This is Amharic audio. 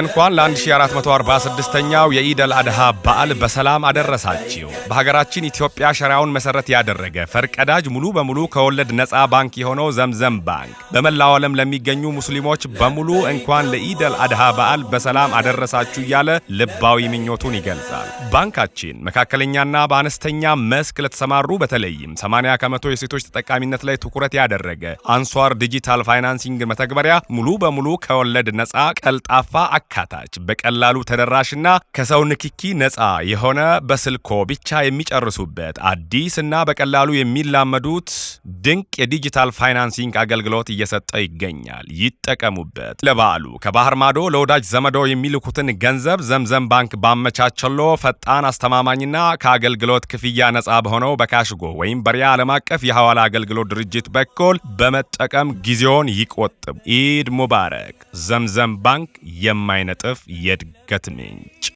እንኳን ለ1446ኛው የኢደል አድሃ በዓል በሰላም አደረሳችሁ። በሀገራችን ኢትዮጵያ ሸሪያውን መሰረት ያደረገ ፈርቀዳጅ ሙሉ በሙሉ ከወለድ ነፃ ባንክ የሆነው ዘምዘም ባንክ በመላው ዓለም ለሚገኙ ሙስሊሞች በሙሉ እንኳን ለኢደል አድሃ በዓል በሰላም አደረሳችሁ እያለ ልባዊ ምኞቱን ይገልጻል። ባንካችን መካከለኛና በአነስተኛ መስክ ለተሰማሩ በተለይም 80 ከመቶ የሴቶች ተጠቃሚነት ላይ ትኩረት ያደረገ አንሷር ዲጂታል ፋይናንሲንግ መተግበሪያ ሙሉ በሙሉ ከወለድ ነፃ ቀልጣፋ አካታች፣ በቀላሉ ተደራሽና ከሰው ንክኪ ነፃ የሆነ በስልኮ ብቻ የሚጨርሱበት አዲስ እና በቀላሉ የሚላመዱት ድንቅ የዲጂታል ፋይናንሲንግ አገልግሎት እየሰጠ ይገኛል። ይጠቀሙበት። ለበዓሉ ከባህር ማዶ ለወዳጅ ዘመዶ የሚልኩትን ገንዘብ ዘምዘም ባንክ ባመቻቸሎ ፈጣን አስተማማኝና ከአገልግሎት ክፍያ ነፃ በሆነው በካሽጎ ወይም በሪያ ዓለም አቀፍ የሐዋላ አገልግሎት ድርጅት በኩል በመጠቀም ጊዜውን ይቆጥቡ። ኢድ ሙባረክ። ዘምዘም ባንክ የማ የሰማይ የእድገት ምንጭ